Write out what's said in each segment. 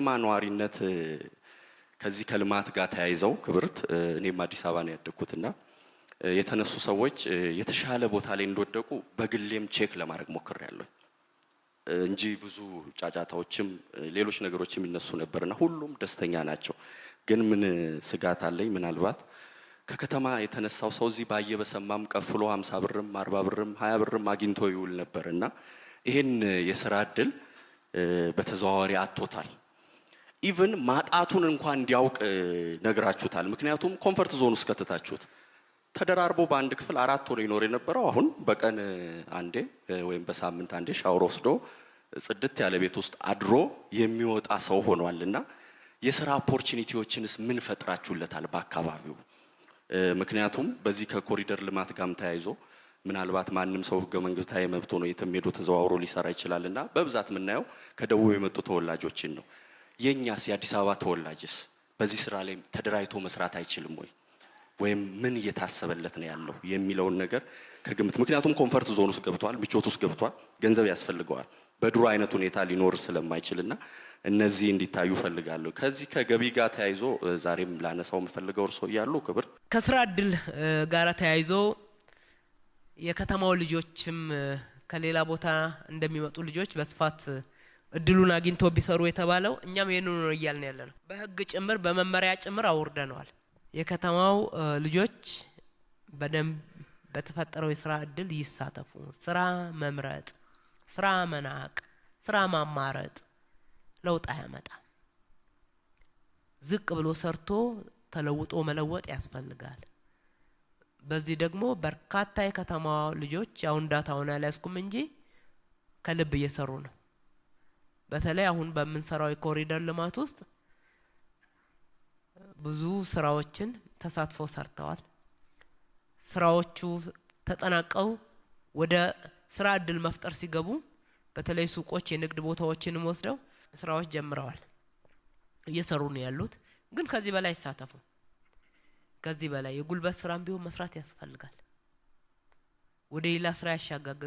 የከተማ ነዋሪነት ከዚህ ከልማት ጋር ተያይዘው ክብርት፣ እኔም አዲስ አበባ ነው ያደግኩትና የተነሱ ሰዎች የተሻለ ቦታ ላይ እንደወደቁ በግሌም ቼክ ለማድረግ ሞክሬያለሁ እንጂ ብዙ ጫጫታዎችም ሌሎች ነገሮች የሚነሱ ነበርና ሁሉም ደስተኛ ናቸው። ግን ምን ስጋት አለኝ፣ ምናልባት ከከተማ የተነሳው ሰው እዚህ ባየ በሰማም ቀፍሎ ሀምሳ ብርም አርባ ብርም ሀያ ብርም አግኝቶ ይውል ነበር እና ይህን የስራ እድል በተዘዋዋሪ አጥቶታል። ኢቭን ማጣቱን እንኳን እንዲያውቅ ነግራችሁታል። ምክንያቱም ኮንፈርት ዞን ውስጥ ከተታችሁት። ተደራርቦ በአንድ ክፍል አራት ሆኖ ይኖር የነበረው አሁን በቀን አንዴ ወይም በሳምንት አንዴ ሻወር ወስዶ ጽድት ያለ ቤት ውስጥ አድሮ የሚወጣ ሰው ሆኗል እና የስራ ኦፖርቹኒቲዎችንስ ምን ፈጥራችሁለታል በአካባቢው? ምክንያቱም በዚህ ከኮሪደር ልማት ጋርም ተያይዞ ምናልባት ማንም ሰው ህገ መንግስታዊ መብቱ ነው የትም ሄዶ ተዘዋውሮ ሊሰራ ይችላል እና በብዛት የምናየው ከደቡብ የመጡ ተወላጆችን ነው። የእኛስ የአዲስ አበባ ተወላጅስ በዚህ ስራ ላይ ተደራጅቶ መስራት አይችልም ወይ ወይም ምን እየታሰበለት ነው ያለው የሚለውን ነገር ከግምት ምክንያቱም ኮንፈርት ዞን ውስጥ ገብቷል፣ ምቾት ውስጥ ገብቷል። ገንዘብ ያስፈልገዋል በድሮ አይነት ሁኔታ ሊኖር ስለማይችልና እነዚህ እንዲታዩ ፈልጋለሁ። ከዚህ ከገቢ ጋር ተያይዞ ዛሬም ላነሳው የምፈልገው እርሶ እያሉ ክብር ከስራ እድል ጋር ተያይዞ የከተማው ልጆችም ከሌላ ቦታ እንደሚመጡ ልጆች በስፋት እድሉን አግኝቶ ቢሰሩ የተባለው እኛም ይህንኑ ነው እያልን ያለ ነው። በህግ ጭምር በመመሪያ ጭምር አውርደነዋል። የከተማው ልጆች በደንብ በተፈጠረው የስራ እድል ይሳተፉ። ስራ መምረጥ፣ ስራ መናቅ፣ ስራ ማማረጥ ለውጥ አያመጣም። ዝቅ ብሎ ሰርቶ ተለውጦ መለወጥ ያስፈልጋል። በዚህ ደግሞ በርካታ የከተማ ልጆች አሁን ዳታውን አልያዝኩም እንጂ ከልብ እየሰሩ ነው። በተለይ አሁን በምንሰራው የኮሪደር ልማት ውስጥ ብዙ ስራዎችን ተሳትፎ ሰርተዋል። ስራዎቹ ተጠናቀው ወደ ስራ እድል መፍጠር ሲገቡ በተለይ ሱቆች፣ የንግድ ቦታዎችንም ወስደው ስራዎች ጀምረዋል፣ እየሰሩ ነው ያሉት። ግን ከዚህ በላይ ይሳተፉ። ከዚህ በላይ የጉልበት ስራም ቢሆን መስራት ያስፈልጋል። ወደ ሌላ ስራ ያሻጋገ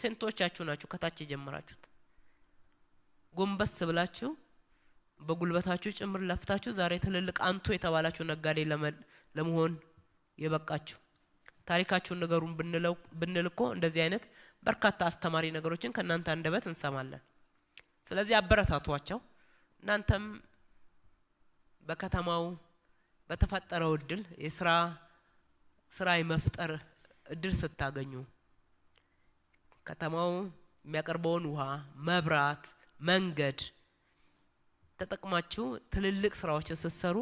ሴንቶቻችሁ ናችሁ ከታች የጀመራችሁት ጎንበስ ብላችሁ በጉልበታችሁ ጭምር ለፍታችሁ ዛሬ ትልልቅ አንቱ የተባላችሁ ነጋዴ ለመሆን የበቃችሁ ታሪካችሁን ነገሩን ብንልኮ እንደዚህ አይነት በርካታ አስተማሪ ነገሮችን ከእናንተ አንደበት እንሰማለን። ስለዚህ አበረታቷቸው። እናንተም በከተማው በተፈጠረው እድል የስራ ስራ የመፍጠር እድል ስታገኙ ከተማው የሚያቀርበውን ውሃ፣ መብራት መንገድ ተጠቅማችሁ ትልልቅ ስራዎችን ስትሰሩ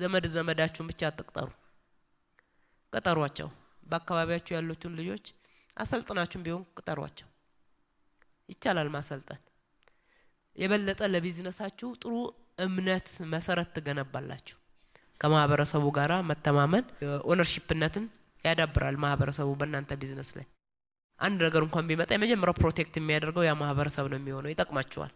ዘመድ ዘመዳችሁን ብቻ አትቅጠሩ፣ ቅጠሯቸው። በአካባቢያችሁ ያሉትን ልጆች አሰልጥናችሁም ቢሆን ቅጠሯቸው። ይቻላል ማሰልጠን። የበለጠ ለቢዝነሳችሁ ጥሩ እምነት መሰረት ትገነባላችሁ። ከማህበረሰቡ ጋር መተማመን ኦነርሺፕነትን ያዳብራል ማህበረሰቡ በእናንተ ቢዝነስ ላይ አንድ ነገር እንኳን ቢመጣ የመጀመሪያው ፕሮቴክት የሚያደርገው ያ ማህበረሰብ ነው የሚሆነው። ይጠቅማቸዋል።